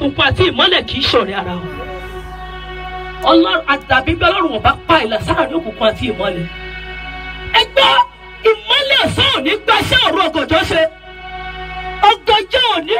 òkùnkùn àti ìmọ́lẹ̀ kì í ṣọ̀rẹ́ ara wọn ọlọ́run àtàbí bí ọlọ́run wọn bá pa ìlà sáàrin òkùnkùn àti ìmọ́lẹ̀ ẹgbẹ́ ìmọ́lẹ̀ ọ̀sán òní gbaṣẹ́ òru ọ̀gànjọ́ ṣe ọ̀gànjọ́ òní